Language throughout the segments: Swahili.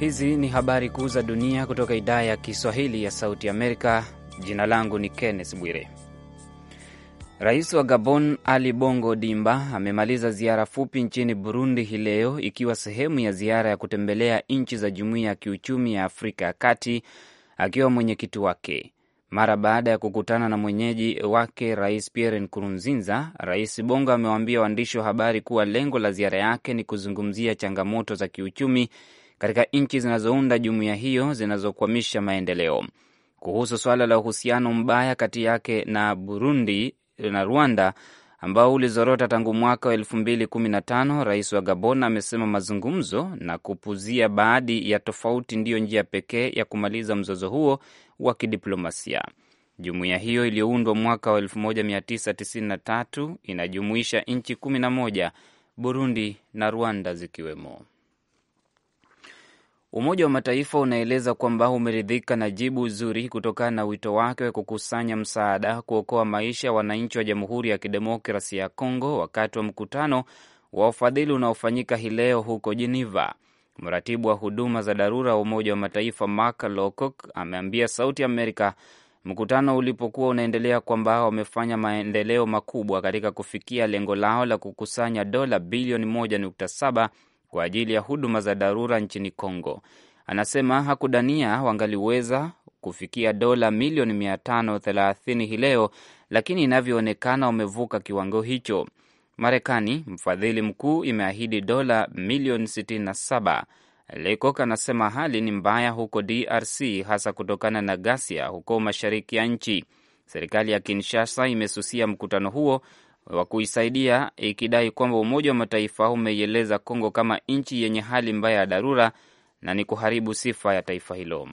Hizi ni habari kuu za dunia kutoka idhaa ya Kiswahili ya Sauti Amerika. Jina langu ni Kenneth Bwire. Rais wa Gabon Ali Bongo Dimba amemaliza ziara fupi nchini Burundi hii leo, ikiwa sehemu ya ziara ya kutembelea nchi za Jumuiya ya Kiuchumi ya Afrika ya Kati akiwa mwenyekiti wake, mara baada ya kukutana na mwenyeji wake Rais Pierre Nkurunziza. Rais Bongo amewaambia waandishi wa habari kuwa lengo la ziara yake ni kuzungumzia changamoto za kiuchumi katika nchi zinazounda jumuiya hiyo zinazokwamisha maendeleo. Kuhusu suala la uhusiano mbaya kati yake na Burundi na Rwanda ambao ulizorota tangu mwaka wa elfu mbili kumi na tano, rais wa Gabon amesema mazungumzo na kupuzia baadhi ya tofauti ndiyo njia pekee ya kumaliza mzozo huo wa kidiplomasia. Jumuiya hiyo iliyoundwa mwaka wa 1993 inajumuisha nchi 11, Burundi na Rwanda zikiwemo. Umoja wa Mataifa unaeleza kwamba umeridhika na jibu zuri kutokana na wito wake wa kukusanya msaada kuokoa maisha ya wananchi wa Jamhuri ya Kidemokrasia ya Kongo wakati wa mkutano wa ufadhili unaofanyika hii leo huko Geneva. Mratibu wa huduma za dharura wa Umoja wa Mataifa Mark Lowcock ameambia Sauti Amerika mkutano ulipokuwa unaendelea kwamba wamefanya maendeleo makubwa katika kufikia lengo lao la kukusanya dola bilioni 1.7 kwa ajili ya huduma za dharura nchini congo Anasema hakudania wangaliweza kufikia dola milioni 530 hii leo, lakini inavyoonekana wamevuka kiwango hicho. Marekani, mfadhili mkuu, imeahidi dola milioni 67. Lecoq anasema hali ni mbaya huko DRC, hasa kutokana na ghasia huko mashariki ya nchi. Serikali ya Kinshasa imesusia mkutano huo wa kuisaidia ikidai kwamba Umoja wa Mataifa umeieleza Kongo kama nchi yenye hali mbaya ya dharura na ni kuharibu sifa ya taifa hilo.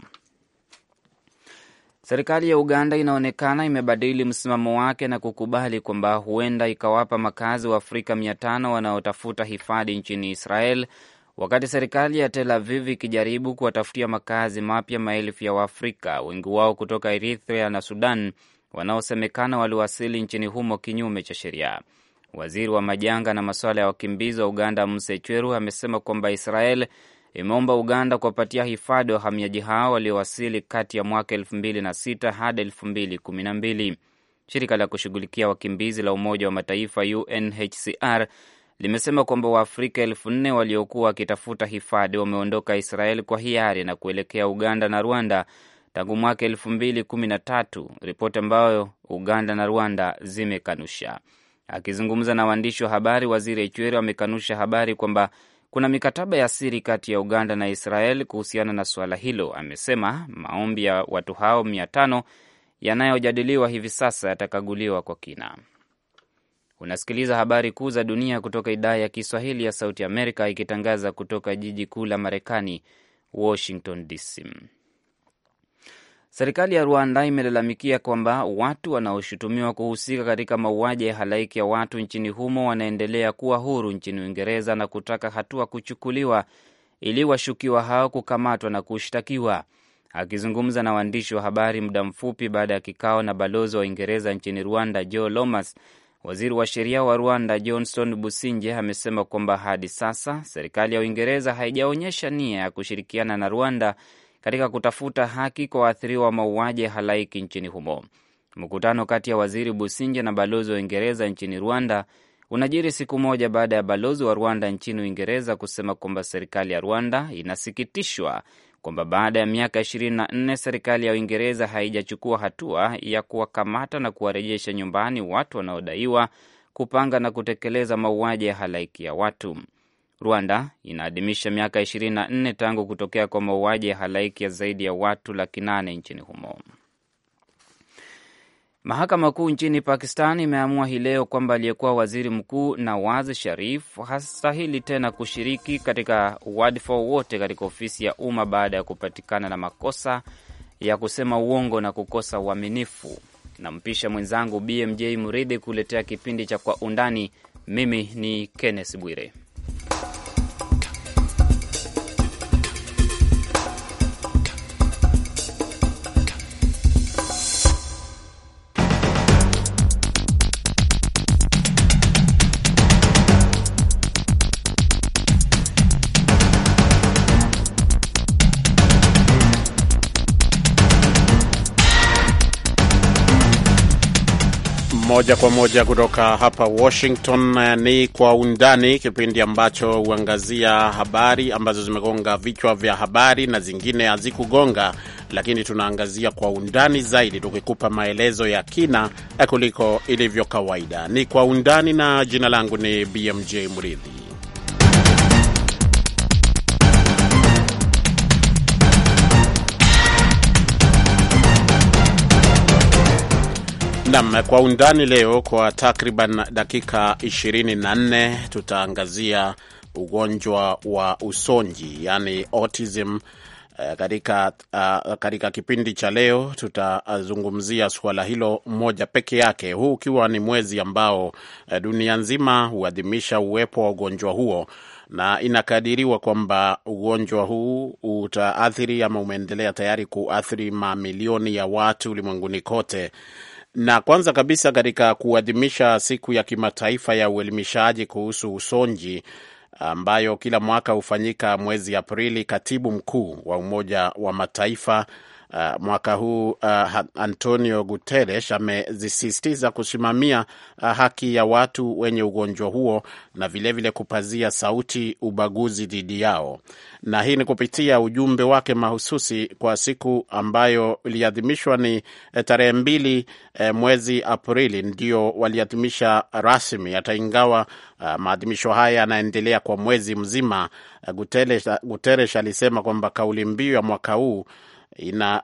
Serikali ya Uganda inaonekana imebadili msimamo wake na kukubali kwamba huenda ikawapa makazi wa Afrika mia tano wanaotafuta hifadhi nchini Israel, wakati serikali ya Tel Aviv ikijaribu kuwatafutia makazi mapya maelfu ya Waafrika, wengi wao kutoka Eritrea na Sudan, wanaosemekana waliwasili nchini humo kinyume cha sheria. Waziri wa majanga na masuala ya wakimbizi wa Uganda, Msechweru, amesema kwamba Israel imeomba Uganda kuwapatia hifadhi wa wahamiaji hao waliowasili kati ya mwaka 26 hadi elfu Shirika la kushughulikia wakimbizi la Umoja wa Mataifa, UNHCR, limesema kwamba Waafrika elfu nne waliokuwa wakitafuta hifadhi wameondoka Israel kwa hiari na kuelekea Uganda na Rwanda tangu mwaka elfu mbili kumi na tatu, ripoti ambayo Uganda na Rwanda zimekanusha. Akizungumza na waandishi wa habari, waziri Echweri amekanusha habari kwamba kuna mikataba ya siri kati ya Uganda na Israel kuhusiana na suala hilo. Amesema maombi ya watu hao mia tano yanayojadiliwa hivi sasa yatakaguliwa kwa kina. Unasikiliza habari kuu za dunia kutoka idhaa ya Kiswahili ya Sauti Amerika, ikitangaza kutoka jiji kuu la Marekani, Washington DC. Serikali ya Rwanda imelalamikia kwamba watu wanaoshutumiwa kuhusika katika mauaji ya halaiki ya watu nchini humo wanaendelea kuwa huru nchini Uingereza na kutaka hatua kuchukuliwa ili washukiwa hao kukamatwa na kushtakiwa. Akizungumza na waandishi wa habari muda mfupi baada ya kikao na balozi wa Uingereza nchini Rwanda Joe Lomas, waziri wa sheria wa Rwanda Johnston Businje amesema kwamba hadi sasa serikali ya Uingereza haijaonyesha nia ya kushirikiana na Rwanda katika kutafuta haki kwa waathiriwa wa mauaji ya halaiki nchini humo. Mkutano kati ya waziri Businje na balozi wa Uingereza nchini Rwanda unajiri siku moja baada ya balozi wa Rwanda nchini Uingereza kusema kwamba serikali ya Rwanda inasikitishwa kwamba baada ya miaka 24 serikali ya Uingereza haijachukua hatua ya kuwakamata na kuwarejesha nyumbani watu wanaodaiwa kupanga na kutekeleza mauaji ya halaiki ya watu. Rwanda inaadhimisha miaka 24 tangu kutokea kwa mauaji ya halaiki ya zaidi ya watu laki nane nchini humo. Mahakama Kuu nchini Pakistan imeamua hii leo kwamba aliyekuwa waziri mkuu Nawaz Sharif hastahili tena kushiriki katika wadhifa wowote katika ofisi ya umma baada ya kupatikana na makosa ya kusema uongo na kukosa uaminifu. Nampisha mwenzangu BMJ Muridhi kuletea kipindi cha Kwa Undani. Mimi ni Kenneth Bwire. Moja kwa moja kutoka hapa Washington ni Kwa Undani, kipindi ambacho huangazia habari ambazo zimegonga vichwa vya habari na zingine hazikugonga, lakini tunaangazia kwa undani zaidi, tukikupa maelezo ya kina eh, kuliko ilivyo kawaida. Ni Kwa Undani na jina langu ni BMJ Mridhi. Nam kwa undani leo, kwa takriban dakika 24 tutaangazia ugonjwa wa usonji yani autism. Eh, katika ah, katika kipindi cha leo tutazungumzia suala hilo moja peke yake, huu ukiwa ni mwezi ambao eh, dunia nzima huadhimisha uwepo wa ugonjwa huo, na inakadiriwa kwamba ugonjwa huu utaathiri ama umeendelea tayari kuathiri mamilioni ya watu ulimwenguni kote na kwanza kabisa katika kuadhimisha siku ya kimataifa ya uelimishaji kuhusu usonji ambayo kila mwaka hufanyika mwezi Aprili, katibu mkuu wa Umoja wa Mataifa Uh, mwaka huu uh, Antonio Guterres amezisisitiza kusimamia uh, haki ya watu wenye ugonjwa huo na vilevile vile kupazia sauti ubaguzi dhidi yao, na hii ni kupitia ujumbe wake mahususi kwa siku ambayo iliadhimishwa ni eh, tarehe mbili eh, mwezi Aprili ndio waliadhimisha rasmi. Hata ingawa uh, maadhimisho haya yanaendelea kwa mwezi mzima, uh, Guterres uh, alisema kwamba kauli mbiu ya mwaka huu ina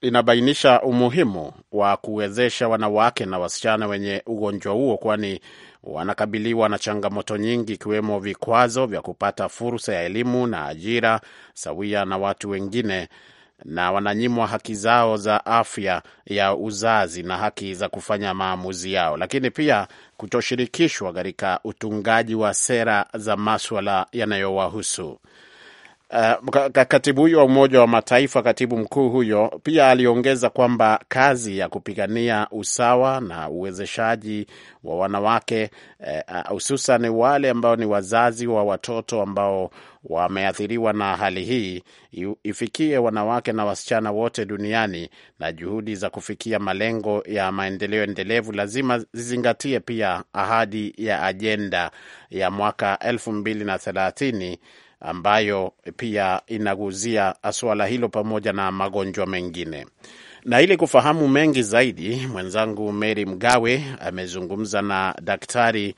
inabainisha umuhimu wa kuwezesha wanawake na wasichana wenye ugonjwa huo, kwani wanakabiliwa na changamoto nyingi ikiwemo vikwazo vya kupata fursa ya elimu na ajira sawia na watu wengine, na wananyimwa haki zao za afya ya uzazi na haki za kufanya maamuzi yao, lakini pia kutoshirikishwa katika utungaji wa sera za maswala yanayowahusu. Uh, katibu huyo wa Umoja wa Mataifa, katibu mkuu huyo pia aliongeza kwamba kazi ya kupigania usawa na uwezeshaji wa wanawake uh, hususan uh, wale ambao ni wazazi wa watoto ambao wameathiriwa na hali hii ifikie wanawake na wasichana wote duniani, na juhudi za kufikia malengo ya maendeleo endelevu lazima zizingatie pia ahadi ya ajenda ya mwaka elfu mbili na thelathini ambayo pia inaguzia suala hilo pamoja na magonjwa mengine. Na ili kufahamu mengi zaidi, mwenzangu Mary Mgawe amezungumza na daktari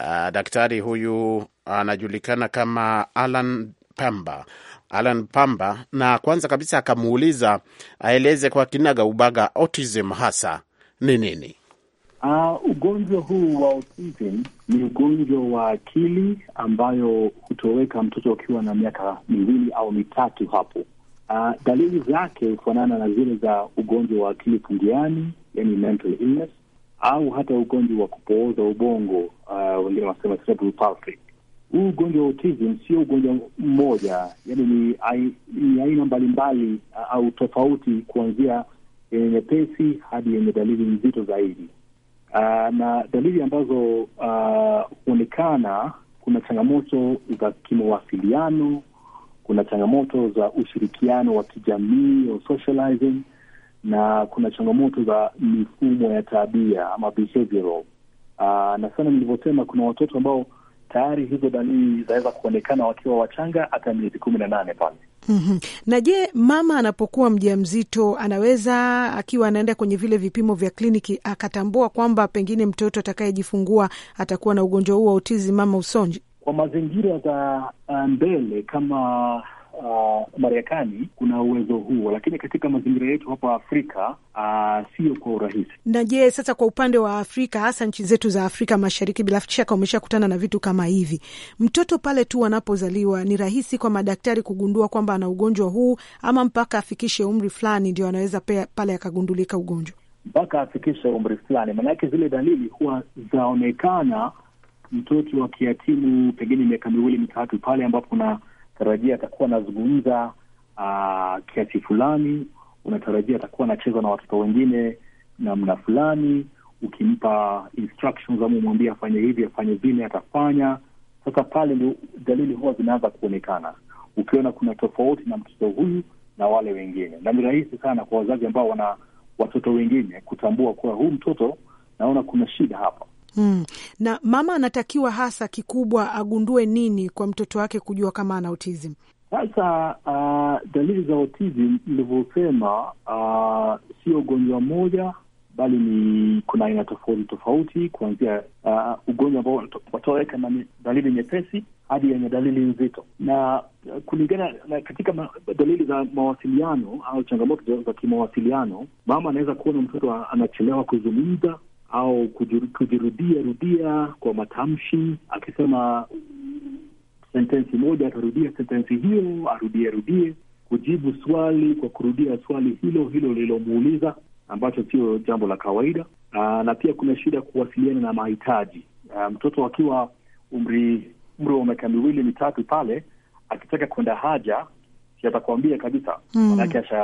uh, daktari huyu anajulikana kama Alan Pamba Alan Pamba, na kwanza kabisa akamuuliza aeleze kwa kinaga ubaga autism hasa ni nini. Uh, ugonjwa huu wa autism ni ugonjwa wa akili ambayo hutoweka mtoto akiwa na miaka miwili au mitatu hapo. Uh, dalili zake hufanana na zile za ugonjwa wa akili pungiani, yani mental illness, au hata ugonjwa wa kupooza ubongo, ah, wengine wanasema cerebral palsy. Huu ugonjwa wa autism sio ugonjwa mmoja, yani ni, ni aina mbalimbali uh, au tofauti kuanzia yenye nyepesi hadi yenye dalili nzito zaidi. Uh, na dalili ambazo ah, huonekana, uh, kuna changamoto za kimawasiliano, kuna changamoto za ushirikiano wa kijamii au socializing, na kuna changamoto za mifumo ya tabia ama behavioral. Uh, na sana nilivyosema, kuna watoto ambao tayari hizo dalili zinaweza kuonekana wakiwa wachanga, hata miezi kumi na nane pale Mm -hmm. Na je, mama anapokuwa mjamzito anaweza akiwa anaenda kwenye vile vipimo vya kliniki akatambua kwamba pengine mtoto atakayejifungua atakuwa na ugonjwa huu wa utizi mama usonji? Kwa mazingira za uh, mbele kama uh, Marekani kuna uwezo huo, lakini katika mazingira yetu hapa Afrika uh, sio kwa urahisi. Na je, sasa kwa upande wa Afrika, hasa nchi zetu za Afrika Mashariki, bila shaka umeshakutana na vitu kama hivi. Mtoto pale tu anapozaliwa ni rahisi kwa madaktari kugundua kwamba ana ugonjwa huu, ama mpaka afikishe umri fulani ndio anaweza pale akagundulika ugonjwa mpaka afikishe umri fulani, maanake zile dalili huwa zaonekana mtoto akiatimu pengine miaka miwili mitatu, pale ambapo na unatarajia atakuwa anazungumza ah, kiasi fulani, unatarajia atakuwa anacheza na watoto wengine namna fulani. Ukimpa instructions ama umwambie afanye hivi afanye vile, atafanya. Sasa pale ndio dalili huwa zinaanza kuonekana, ukiona kuna tofauti na mtoto huyu na wale wengine, na ni rahisi sana kwa wazazi ambao wana watoto wengine kutambua kuwa huu mtoto, naona kuna shida hapa. Hmm. Na mama anatakiwa hasa kikubwa agundue nini kwa mtoto wake kujua kama ana autism? Sasa uh, dalili za autism nilivyosema, uh, sio ugonjwa mmoja bali ni kuna aina tofauti tofauti, kuanzia uh, ugonjwa ambao watoweka na dalili nyepesi hadi yenye dalili nzito, na kulingana na katika ma, dalili za mawasiliano au changamoto za kimawasiliano, mama anaweza kuona mtoto anachelewa kuzungumza au kujirudia rudia kwa matamshi, akisema sentensi moja atarudia sentensi hiyo, arudie rudie, kujibu swali kwa kurudia swali hilo hilo lililomuuliza, ambacho sio jambo la kawaida. Aa, na pia kuna shida kuwasiliana na mahitaji. mtoto akiwa umri umri wa miaka miwili mitatu pale, akitaka kwenda haja atakuambia kabisa, manake hmm. mm.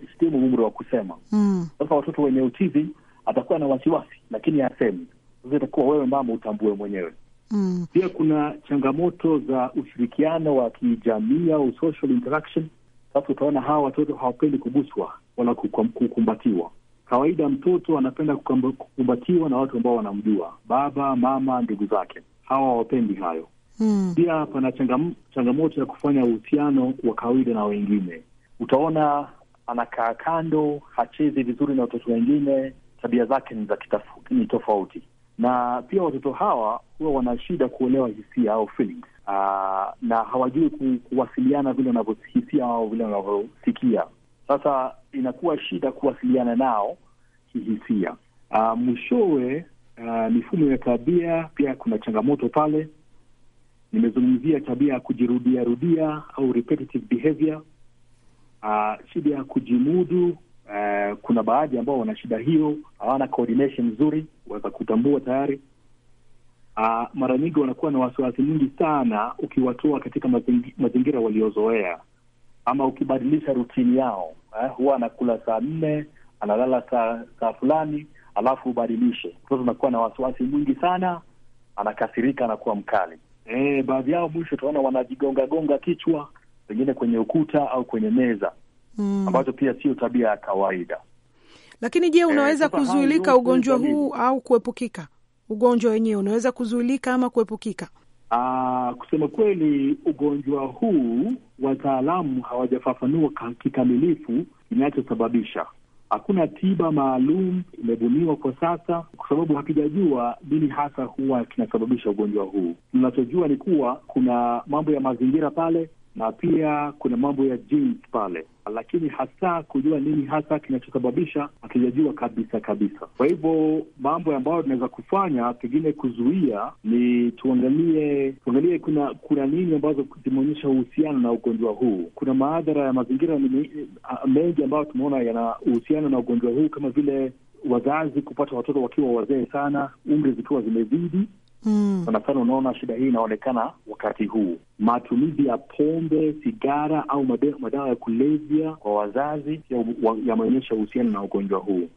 ashastimu umri wa kusema. Hmm. Sasa mm. watoto wenye utizi atakuwa na wasiwasi, lakini asemi Sasa itakuwa wewe mama utambue mwenyewe. Mm. Pia kuna changamoto za ushirikiano wa kijamii au social interaction. Sasa utaona hawa watoto hawapendi kuguswa wala kukumbatiwa. Kawaida mtoto anapenda kukumbatiwa na watu ambao wanamjua, baba, mama, ndugu zake. Hawa hawapendi hayo. Mm. Pia pana changam, changamoto ya kufanya uhusiano wa kawaida na wengine. Utaona anakaa kando, hachezi vizuri na watoto wengine, tabia zake ni za ni tofauti, na pia watoto hawa huwa wana shida kuelewa hisia au feelings. Ah, na hawajui ku, kuwasiliana vile wanavyohisia au vile wanavyosikia. Sasa inakuwa shida kuwasiliana nao kihisia. Ah, mwishowe ah, mifumo ya tabia pia kuna changamoto pale. Nimezungumzia tabia ya kujirudiarudia au repetitive behavior, shida ya kujimudu Uh, kuna baadhi ambao wana shida hiyo, hawana coordination nzuri, waweza kutambua tayari. Uh, mara nyingi wanakuwa na wasiwasi mwingi sana ukiwatoa katika mazingira waliozoea ama ukibadilisha rutini yao eh, huwa anakula saa nne analala saa, saa fulani alafu ubadilishe. Mtoto anakuwa na wasiwasi mwingi sana, anakasirika, anakuwa mkali. E, baadhi yao mwisho utaona wanajigongagonga kichwa pengine kwenye ukuta au kwenye meza mm, ambazo pia sio tabia ya kawaida. Lakini je, eh, unaweza e, kuzuilika ugonjwa huu au kuepukika? Ugonjwa wenyewe unaweza kuzuilika ama kuepukika? Aa, ah, kusema kweli ugonjwa huu wataalamu hawajafafanua kikamilifu kinachosababisha. Hakuna tiba maalum imebuniwa kwa sasa, kwa sababu hatujajua nini hasa huwa kinasababisha ugonjwa huu. Tunachojua ni kuwa kuna mambo ya mazingira pale na pia kuna mambo ya genes pale, lakini hasa kujua nini hasa kinachosababisha hatujajua kabisa kabisa. Kwa hivyo mambo ambayo tunaweza kufanya pengine kuzuia ni tuangalie, tuangalie kuna kuna nini ambazo zimeonyesha uhusiano na ugonjwa huu. Kuna maadhara ya mazingira mengi ambayo tumeona yana uhusiano na ugonjwa huu kama vile wazazi kupata watoto wakiwa wazee sana, umri zikiwa zimezidi mm. Sana sana unaona shida hii inaonekana wakati huu, matumizi ya pombe, sigara au madawa ya kulevya kwa wazazi yameonyesha uhusiano na ugonjwa huu.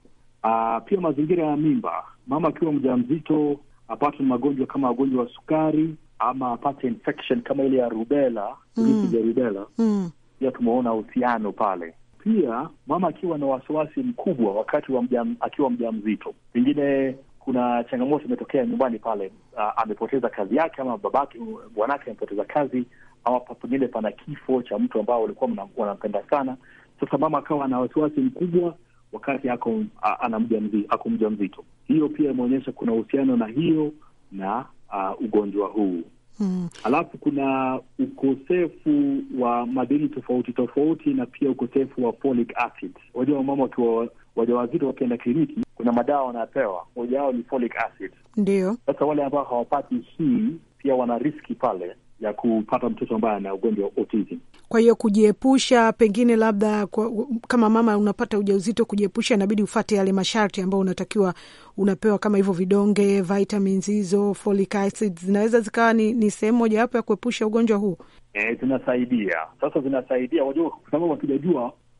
Aa, ah, pia mazingira ya mimba, mama akiwa mja mzito apate magonjwa kama ugonjwa wa sukari ama apate infection kama ile ya rubela, hmm. virusi vya rubela mm. Pia tumeona uhusiano pale. Pia mama akiwa na wasiwasi mkubwa wakati wa mjam, akiwa mzito pengine kuna changamoto imetokea nyumbani pale, uh, amepoteza kazi yake ama babake, bwanake amepoteza kazi, ama pengine pana kifo cha mtu ambao walikuwa wanampenda sana. Sasa mama akawa na wasiwasi mkubwa wakati ako ana ako mja mzito. Hiyo pia imeonyesha kuna uhusiano na hiyo na uh, ugonjwa huu hmm. Alafu kuna ukosefu wa madini tofauti tofauti na pia ukosefu wa folic acid. Wajua mama wakiwa wajawazito wakienda kliniki kuna madawa wanapewa, moja wao ni folic acid. Ndio sasa wale ambao hawapati hii pia wana riski pale ya kupata mtoto ambaye ana ugonjwa wa autism. Kwa hiyo kujiepusha, pengine labda kwa, kama mama unapata ujauzito, kujiepusha inabidi ufate yale masharti ambayo unatakiwa unapewa, kama hivyo vidonge, vitamins hizo, folic acid zinaweza zikawa ni, ni sehemu moja wapo ya kuepusha ugonjwa huu. E, zinasaidia sasa, zinasaidia wajua, kwa sababu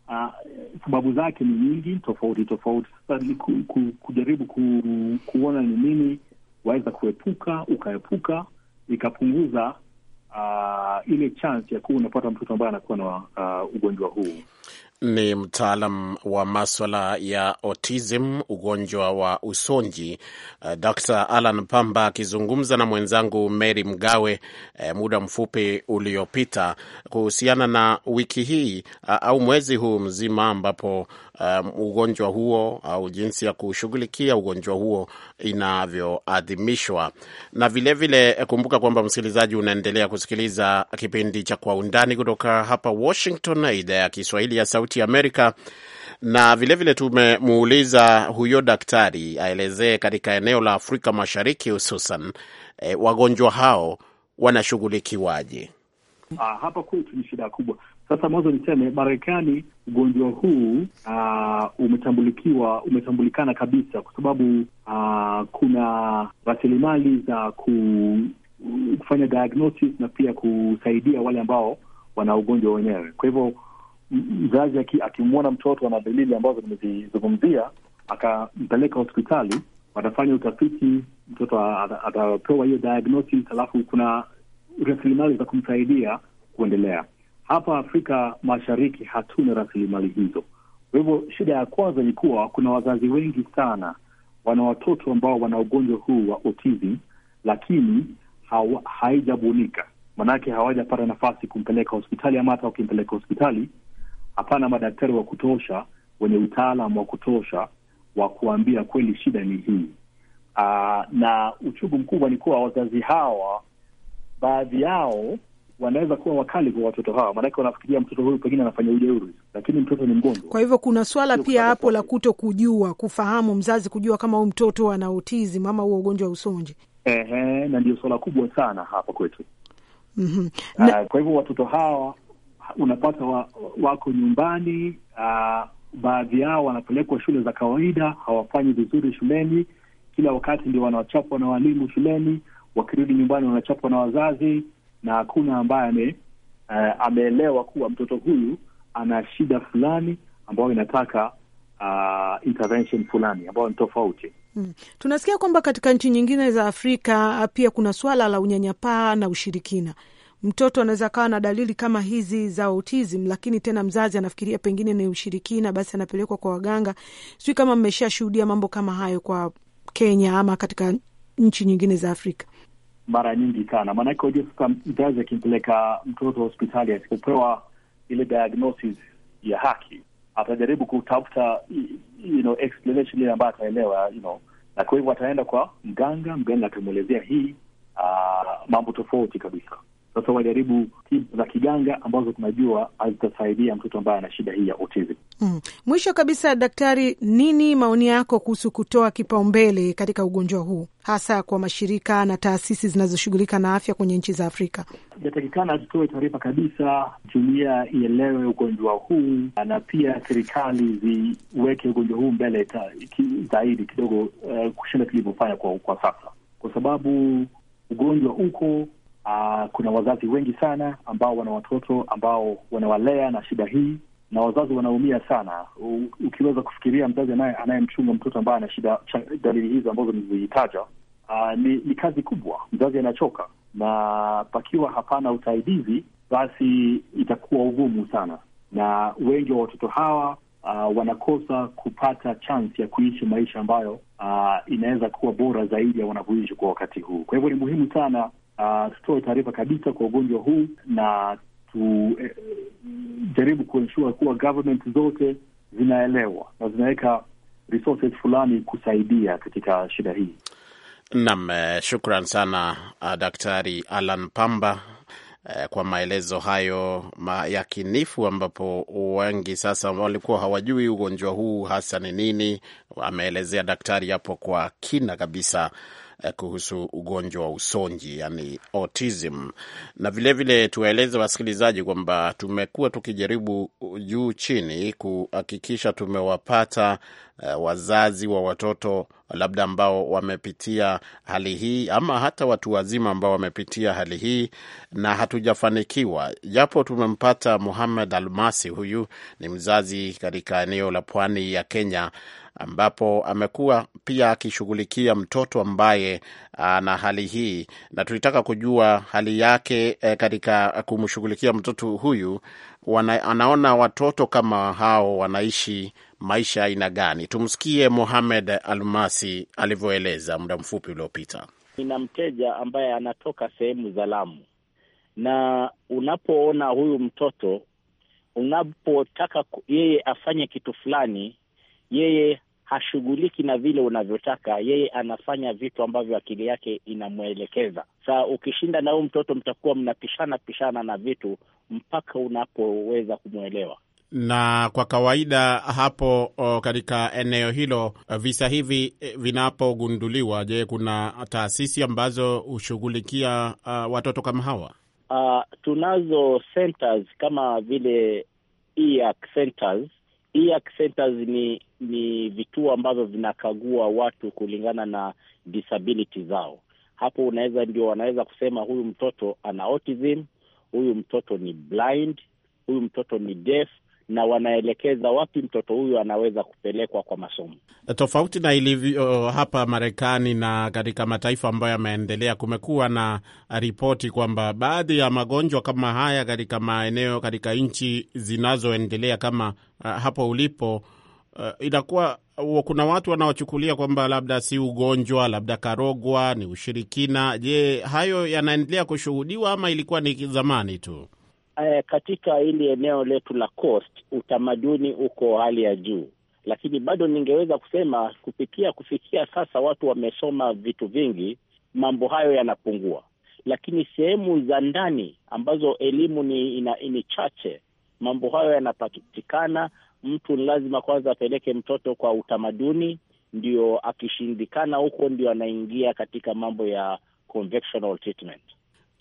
Uh, sababu zake ni nyingi tofauti tofauti. Sasa ku, ku, kujaribu ku, kuona ni nini waweza kuepuka, ukaepuka ikapunguza uh, ile chance ya kuwa unapata mtoto ambaye anakuwa na uh, ugonjwa huu ni mtaalam wa maswala ya autism, ugonjwa wa usonji, uh, Dr Alan Pamba akizungumza na mwenzangu Mary Mgawe uh, muda mfupi uliopita kuhusiana na wiki hii uh, au mwezi huu mzima ambapo um, ugonjwa huo au jinsi ya kushughulikia ugonjwa huo inavyoadhimishwa. Na vilevile vile, kumbuka kwamba msikilizaji, unaendelea kusikiliza kipindi cha Kwa Undani kutoka hapa Washington na idhaa ya Kiswahili ya Sauti Amerika na vilevile tumemuuliza huyo daktari aelezee katika eneo la Afrika Mashariki hususan e, wagonjwa hao wanashughulikiwaje? Ah, hapa kwetu ni shida kubwa. Sasa mwanzo niseme Marekani ugonjwa huu uh, umetambulikiwa umetambulikana kabisa, kwa sababu uh, kuna rasilimali za ku, kufanya diagnosis na pia kusaidia wale ambao wana ugonjwa wenyewe. Kwa hivyo mzazi akimwona mtoto ana dalili ambazo nimezizungumzia, akampeleka hospitali, watafanya utafiti, mtoto atapewa hiyo diagnosis, alafu kuna rasilimali za kumsaidia kuendelea hapa Afrika Mashariki hatuna rasilimali hizo. Kwa hivyo shida ya kwanza ni kuwa kuna wazazi wengi sana wana watoto ambao wana ugonjwa huu wa autism, lakini haijabunika maanake hawajapata nafasi kumpeleka hospitali, ama hata wakimpeleka hospitali hapana madaktari wa kutosha wenye utaalam wa kutosha wa kuambia kweli shida ni hii. Aa, na uchungu mkubwa ni kuwa wazazi hawa baadhi yao wanaweza kuwa wakali kwa watoto hawa, maanake wanafikiria mtoto huyu pengine anafanya ujeuri, lakini mtoto ni mgonjwa. Kwa hivyo kuna swala pia hapo la kuto kujua, kufahamu, mzazi kujua kama huyu mtoto ana autism ama huo ugonjwa wa usonji. Ehe, na ndio swala kubwa sana hapa kwetu. Mm -hmm. Na... kwa hivyo watoto hawa unapata wa, wako nyumbani uh, baadhi yao wanapelekwa shule za kawaida, hawafanyi vizuri shuleni, kila wakati ndio wanachapwa na walimu shuleni, wakirudi nyumbani wanachapwa na wazazi na hakuna ambaye ame, uh, ameelewa kuwa mtoto huyu ana shida fulani ambayo inataka uh, intervention fulani ambayo ni tofauti. Hmm. Tunasikia kwamba katika nchi nyingine za Afrika ah, pia kuna swala la unyanyapaa na ushirikina. Mtoto anaweza kawa na dalili kama hizi za autism, lakini tena mzazi anafikiria pengine ni ushirikina, basi anapelekwa kwa waganga. Sijui kama mmeshashuhudia mambo kama hayo kwa Kenya ama katika nchi nyingine za Afrika mara nyingi sana. Maanake wajua, sasa mzazi akimpeleka mtoto hospitali asipopewa ile diagnosis ya haki atajaribu kutafuta you know, explanation ile ambayo ataelewa you know, na kwa hivyo ataenda kwa mganga, mganga atamwelezea hii ah, mambo tofauti kabisa. Sasa wajaribu tiba za kiganga ambazo tunajua hazitasaidia mtoto ambaye ana shida hii ya autism. Mm. Mwisho kabisa, daktari, nini maoni yako kuhusu kutoa kipaumbele katika ugonjwa huu hasa kwa mashirika na taasisi zinazoshughulika na afya kwenye nchi za Afrika? Inatakikana tutoe taarifa kabisa, dunia ielewe ugonjwa huu, na pia serikali ziweke ugonjwa huu mbele zaidi kidogo, uh, kushinda tulivyofanya kwa, kwa sasa, kwa sababu ugonjwa uko Uh, kuna wazazi wengi sana ambao wana watoto ambao wanawalea na shida hii, na wazazi wanaumia sana. U, ukiweza kufikiria mzazi anayemchunga mtoto ambaye ana shida dalili hizo ambazo nilizitaja, uh, ni, ni kazi kubwa. Mzazi anachoka, na pakiwa hapana usaidizi, basi itakuwa ugumu sana, na wengi wa watoto hawa uh, wanakosa kupata chansi ya kuishi maisha ambayo uh, inaweza kuwa bora zaidi ya wanavyoishi kwa wakati huu. Kwa hivyo ni muhimu sana Ah, tutoe taarifa kabisa kwa ugonjwa huu na tujaribu eh, kuensure kuwa government zote zinaelewa na zinaweka resources fulani kusaidia katika shida hii. Naam, eh, shukran sana uh, Daktari Alan Pamba eh, kwa maelezo hayo yakinifu, ambapo wengi sasa walikuwa hawajui ugonjwa huu hasa ni nini. Ameelezea daktari hapo kwa kina kabisa Eh, kuhusu ugonjwa wa usonji yani autism, na vilevile tuwaeleze wasikilizaji kwamba tumekuwa tukijaribu juu chini kuhakikisha tumewapata uh, wazazi wa watoto labda ambao wamepitia hali hii ama hata watu wazima ambao wamepitia hali hii na hatujafanikiwa, japo tumempata Muhammad Almasi. Huyu ni mzazi katika eneo la pwani ya Kenya ambapo amekuwa pia akishughulikia mtoto ambaye ana hali hii, na tulitaka kujua hali yake e, katika kumshughulikia mtoto huyu wana, anaona watoto kama hao wanaishi maisha aina gani. Tumsikie Mohamed Almasi alivyoeleza muda mfupi uliopita. Nina mteja ambaye anatoka sehemu za Lamu, na unapoona huyu mtoto unapotaka yeye afanye kitu fulani, yeye hashughuliki na vile unavyotaka, yeye anafanya vitu ambavyo akili yake inamwelekeza. Saa ukishinda na huyu mtoto mtakuwa mnapishana pishana na vitu mpaka unapoweza kumwelewa na kwa kawaida hapo katika eneo hilo visa hivi e, vinapogunduliwa, je, kuna taasisi ambazo hushughulikia uh, watoto kama hawa? Uh, tunazo centers kama vile EAC centers hii centers ni ni vituo ambavyo vinakagua watu kulingana na disability zao. Hapo unaweza ndio wanaweza kusema huyu mtoto ana autism, huyu mtoto ni blind, huyu mtoto ni deaf na wanaelekeza wapi mtoto huyu anaweza kupelekwa kwa masomo. Tofauti na ilivyo hapa Marekani na katika mataifa ambayo yameendelea, kumekuwa na ripoti kwamba baadhi ya magonjwa kama haya katika maeneo, katika nchi zinazoendelea kama uh, hapo ulipo uh, inakuwa uh, kuna watu wanaochukulia kwamba labda si ugonjwa, labda karogwa, ni ushirikina. Je, hayo yanaendelea kushuhudiwa ama ilikuwa ni zamani tu? eh, katika hili eneo letu la Coast utamaduni uko hali ya juu, lakini bado ningeweza kusema kupitia kufikia sasa watu wamesoma vitu vingi, mambo hayo yanapungua, lakini sehemu za ndani ambazo elimu ni, ina, ni chache, mambo hayo yanapatikana. Mtu lazima kwanza apeleke mtoto kwa utamaduni, ndio akishindikana huko ndio anaingia katika mambo ya conventional treatment.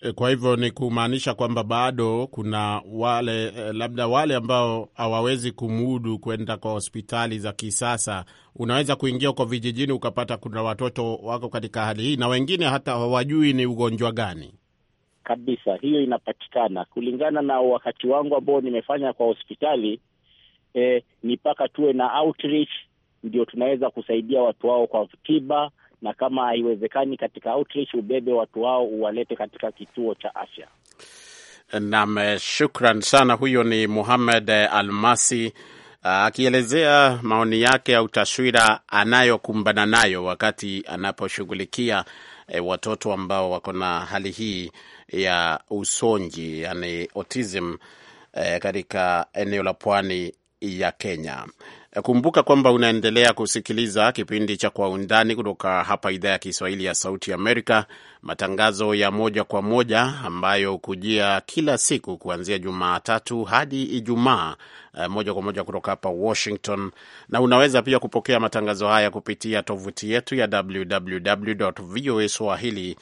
Eh, kwa hivyo ni kumaanisha kwamba bado kuna wale eh, labda wale ambao hawawezi kumudu kwenda kwa hospitali za kisasa. Unaweza kuingia uko vijijini ukapata kuna watoto wako katika hali hii, na wengine hata hawajui ni ugonjwa gani kabisa. Hiyo inapatikana kulingana na wakati wangu ambao nimefanya kwa hospitali. Eh, ni mpaka tuwe na outreach ndio tunaweza kusaidia watu wao kwa tiba na kama haiwezekani katika outreach, ubebe watu wao uwalete katika kituo cha afya. Naam, shukran sana. Huyo ni Muhamed Almasi ah, akielezea maoni yake au taswira anayokumbana nayo wakati anaposhughulikia e, watoto ambao wako na hali hii ya usonji, yani autism, e, katika eneo la pwani ya Kenya. Kumbuka kwamba unaendelea kusikiliza kipindi cha Kwa Undani kutoka hapa idhaa ya Kiswahili ya Sauti Amerika, matangazo ya moja kwa moja ambayo hukujia kila siku kuanzia Jumatatu hadi Ijumaa, eh, moja kwa moja kutoka hapa Washington. Na unaweza pia kupokea matangazo haya kupitia tovuti yetu ya www voa swahili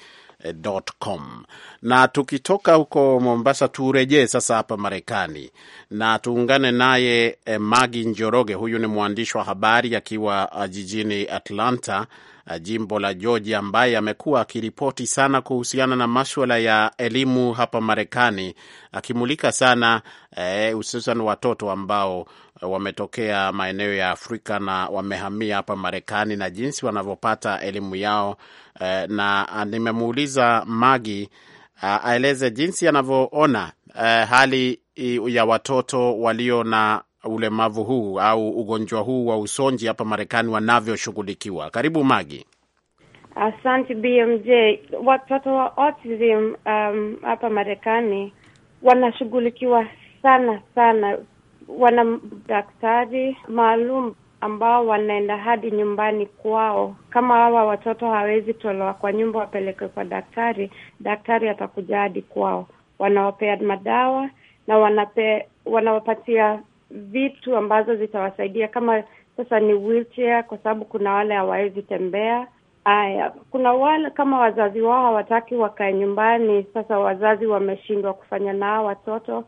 Com. Na tukitoka huko Mombasa, turejee sasa hapa Marekani na tuungane naye eh, Magi Njoroge. Huyu ni mwandishi wa habari akiwa eh, jijini Atlanta, eh, jimbo la Georgia, ambaye amekuwa akiripoti sana kuhusiana na maswala ya elimu hapa Marekani, akimulika sana eh, hususan eh, watoto ambao wametokea maeneo ya Afrika na wamehamia hapa Marekani na jinsi wanavyopata elimu yao. Eh, na ah, nimemuuliza Magi ah, aeleze jinsi anavyoona eh, hali ya watoto walio na ulemavu huu au ugonjwa huu wa usonji hapa Marekani wanavyoshughulikiwa. Karibu Magi. Asante BMJ. Watoto wa autism um, hapa Marekani wanashughulikiwa sana sana wana daktari maalum ambao wanaenda hadi nyumbani kwao. Kama hawa watoto hawezi tolewa kwa nyumba wapelekwe kwa daktari, daktari atakuja hadi kwao, wanawapea madawa na wanape, wanawapatia vitu ambazo zitawasaidia kama sasa ni wheelchair, kwa sababu kuna wale hawawezi tembea. aya kuna wale kama wazazi wao hawataki wakae nyumbani, sasa wazazi wameshindwa kufanya nao watoto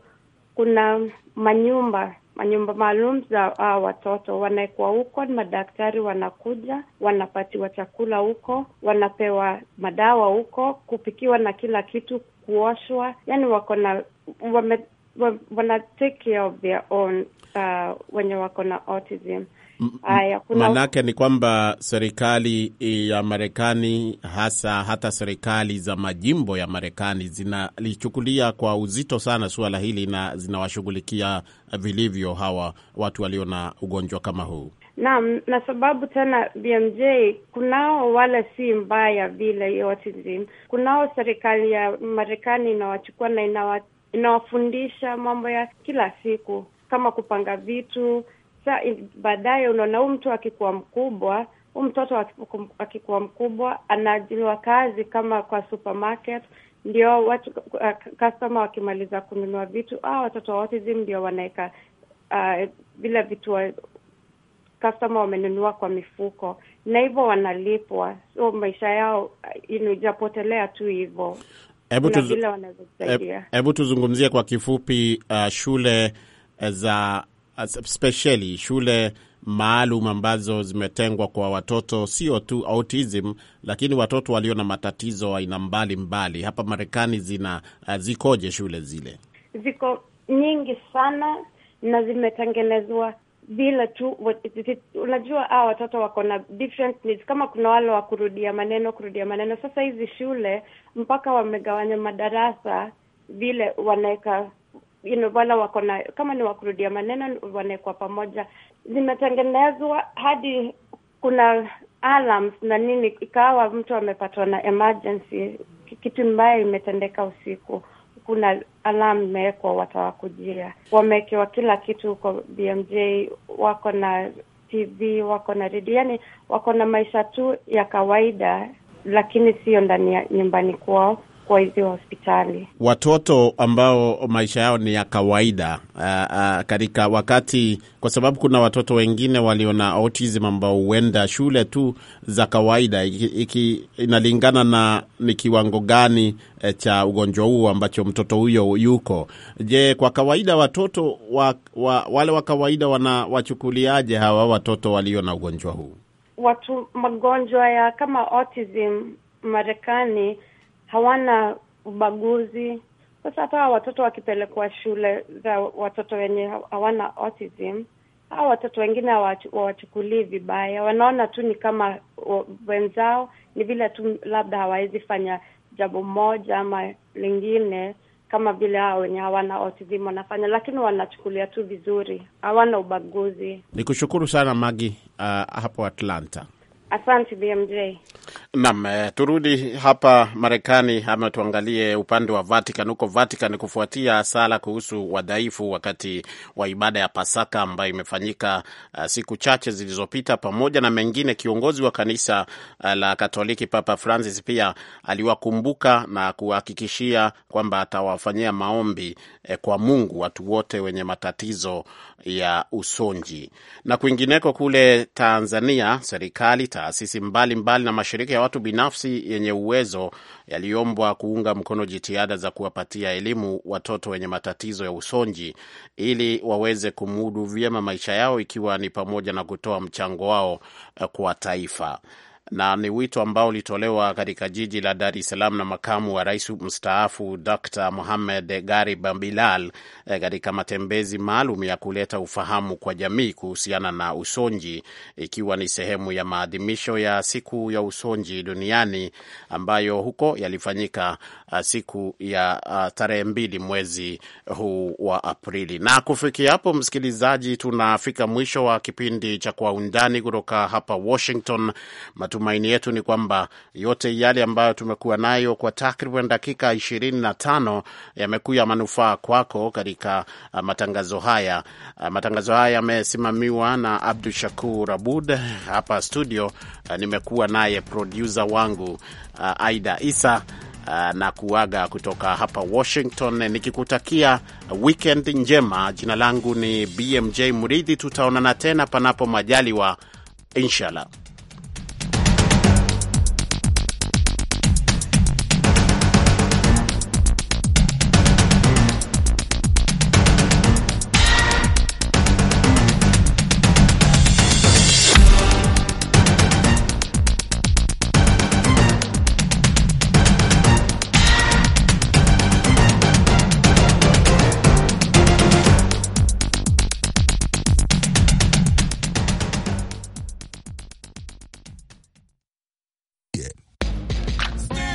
kuna manyumba manyumba maalum za uh, watoto wanawekwa huko. Madaktari wanakuja wanapatiwa chakula huko, wanapewa madawa huko, kupikiwa na kila kitu, kuoshwa, yani wako na wame, wame, wana take care of their own uh, wenye wako na autism Haya, manake ni kwamba serikali eh, ya Marekani hasa hata serikali za majimbo ya Marekani zinalichukulia kwa uzito sana suala hili na zinawashughulikia vilivyo hawa watu walio na ugonjwa kama huu. Naam, na sababu tena BMJ, kunao wala si mbaya vile nzima, kunao serikali ya Marekani inawachukua na inawa, inawafundisha mambo ya kila siku kama kupanga vitu sa baadaye, unaona huyu mtu akikuwa mkubwa, huyu mtoto akikuwa mkubwa anaajiriwa kazi kama kwa supermarket, ndio watu uh, customer wakimaliza kununua vitu, ah, watoto wa autism ndio wanaweka uh, vile uh, vitu wa, customer wamenunua kwa mifuko na hivyo wanalipwa, so maisha yao uh, ijapotelea tu hivyo. Hebu tuz... tuzungumzie kwa kifupi uh, shule eh, za especially shule maalum ambazo zimetengwa kwa watoto sio tu autism, lakini watoto walio na matatizo aina mbalimbali. Hapa Marekani zina uh, zikoje shule zile? Ziko nyingi sana na zimetengenezwa vile tu unajua, hawa watoto wako na different needs. Kama kuna wale wa kurudia maneno kurudia maneno, sasa hizi shule mpaka wamegawanya madarasa vile wanaweka you know, wala wako na kama ni wakurudia maneno wanawekwa pamoja, zimetengenezwa hadi kuna alarms na nini, ikawa mtu amepatwa na emergency, kitu mbaya imetendeka usiku kuna alarm imewekwa, watawakujia. Wamewekewa kila kitu huko BMJ, wako na TV, wako na redio, yani wako na maisha tu ya kawaida, lakini sio ndani ya nyumbani kwao kwa hizi hospitali. Watoto ambao maisha yao ni ya kawaida uh, uh, katika wakati, kwa sababu kuna watoto wengine walio na autism ambao huenda shule tu za kawaida iki, iki, inalingana na ni kiwango gani eh, cha ugonjwa huo ambacho mtoto huyo yuko. Je, kwa kawaida watoto wa, wa, wale wa kawaida wanawachukuliaje hawa watoto walio na ugonjwa huu? Watu magonjwa ya kama autism Marekani hawana ubaguzi. Sasa hata hawa watoto wakipelekwa shule za watoto wenye hawana autism, hawa watoto wengine hawawachukulii vibaya, wanaona tu ni kama wenzao, ni vile tu labda hawawezi fanya jambo moja ama lingine kama vile hao wenye hawana autism wanafanya, lakini wanachukulia tu vizuri, hawana ubaguzi. ni kushukuru sana Magi, uh, hapo Atlanta. Asante BMJ. Naam, eh, turudi hapa Marekani ama tuangalie upande wa Vatican. Huko Vatican, kufuatia sala kuhusu wadhaifu wakati wa ibada ya Pasaka ambayo imefanyika uh, siku chache zilizopita, pamoja na mengine, kiongozi wa kanisa uh, la Katoliki Papa Francis pia aliwakumbuka na kuhakikishia kwamba atawafanyia maombi eh, kwa Mungu watu wote wenye matatizo ya usonji. Na kwingineko kule Tanzania, serikali, taasisi mbalimbali mbali na mashirika ya watu binafsi yenye uwezo yaliombwa kuunga mkono jitihada za kuwapatia elimu watoto wenye matatizo ya usonji ili waweze kumudu vyema maisha yao, ikiwa ni pamoja na kutoa mchango wao eh, kwa taifa na ni wito ambao ulitolewa katika jiji la Dar es Salaam na makamu wa rais mstaafu Dr Muhamed Garib Bilal e, katika matembezi maalum ya kuleta ufahamu kwa jamii kuhusiana na usonji, ikiwa ni sehemu ya maadhimisho ya siku ya usonji duniani ambayo huko yalifanyika siku ya tarehe mbili mwezi huu wa Aprili. Na kufikia hapo, msikilizaji, tunafika mwisho wa kipindi cha Kwa Undani kutoka hapa Washington Matu matumaini yetu ni kwamba yote yale ambayo tumekuwa nayo kwa takriban dakika ishirini na tano yamekuya manufaa kwako katika uh, matangazo haya. Uh, matangazo haya yamesimamiwa na Abdu Shakur Abud. Hapa studio uh, nimekuwa naye produsa wangu Aida Isa na kuaga kutoka hapa Washington nikikutakia wikendi njema. Jina langu ni BMJ Muridhi, tutaonana tena panapo majaliwa inshallah.